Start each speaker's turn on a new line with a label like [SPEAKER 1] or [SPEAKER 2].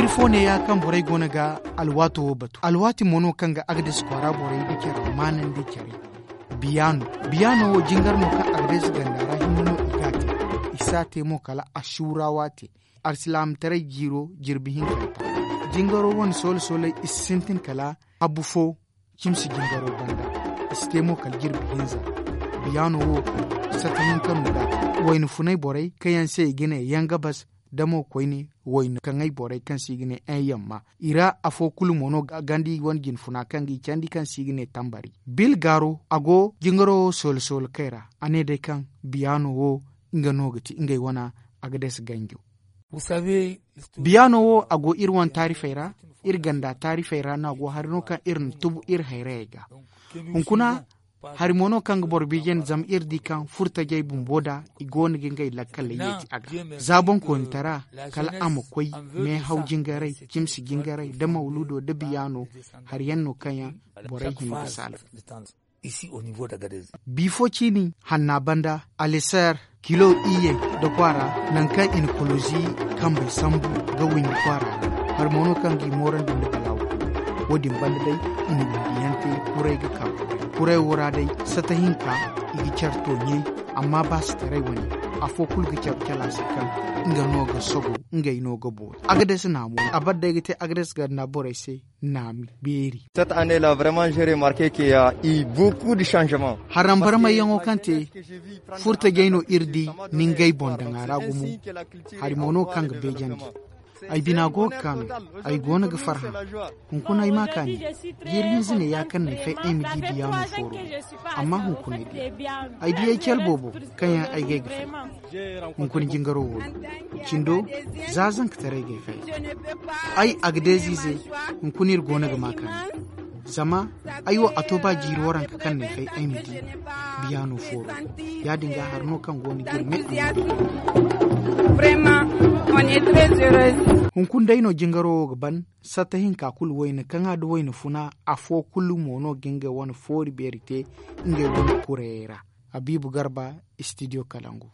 [SPEAKER 1] jir ne ya kan borai gona ga alwato batu alwati mono kan ga agdes kwara borai da ke rai biyano biyano jingar mu kan agdes gandara himno igate isa te mo kala ashurawa te arsilam tare jiro jirbihin kanta jingaro wani sol sole isintin kala abufo kimsi jingaro banda istemo kal jirbihin za biyano wo satahin kanu da wayin funai borai kayan sai gina yan gabas damo koyni woyno kangay boray kan sigine en yamma ira afo mono gandi gin funa gi candi kan sigine tambari bil garo ago jingoro sol sol kaira de kan biyano wo inga nogati ingay wana agades ganjo Savez... biyano wo ago irwan tarifayra ir ganda na nago harino kan irin tubu ir hayrayga hunkuna har mono kanga borbigen zam irdi kan furta jay bumboda igoni ginga lakkala yeti aga zabon ko ntara kala amo koy me jingarai jimsi jingarai da mauludo da biyano har yanno kanya borai hinu misal ici au niveau gadez Bifo chini hanna banda aliser kilo iye da kwara nan kan inkolozi kan bai sambu ga win kwara har mono moran din da mutalawa wadin banda dai ina bindiyante kurai ga Puree waraadey sata hinka igi cartoonye amma baastarey wani afo kulgi carcalasi kan nga nooga sogo nga inooga boodo agades naamo abaddaygite agades gadna na naami beeri cette année là vraiment j'ai remarqué qu'il y a eu beaucoup de changements harambarama yango kante furta geyno irdi ningay bondangaaragumu harimono kanga bejandi ay binago kanu ay gona ga farha kun kuna ima kani yirin zine ya kan ne fa em gidi biya mu foro amma hun kuna di ai di kel bobo kan ya ai ga fe hun kun jingaro wo cindo zazan ka tare ga fa ai agde zize kun ir gona ga maka zama aiwa a to ba jiroran ka kan ne kai biya biyano foro ya dinga harno kan goni girme a hunkunda ino jingaro gban sata hinka kul woyne kaŋa do woyne funa afo kulu mono ginge won foori berite nge won kureyera abibu garba studio kalangu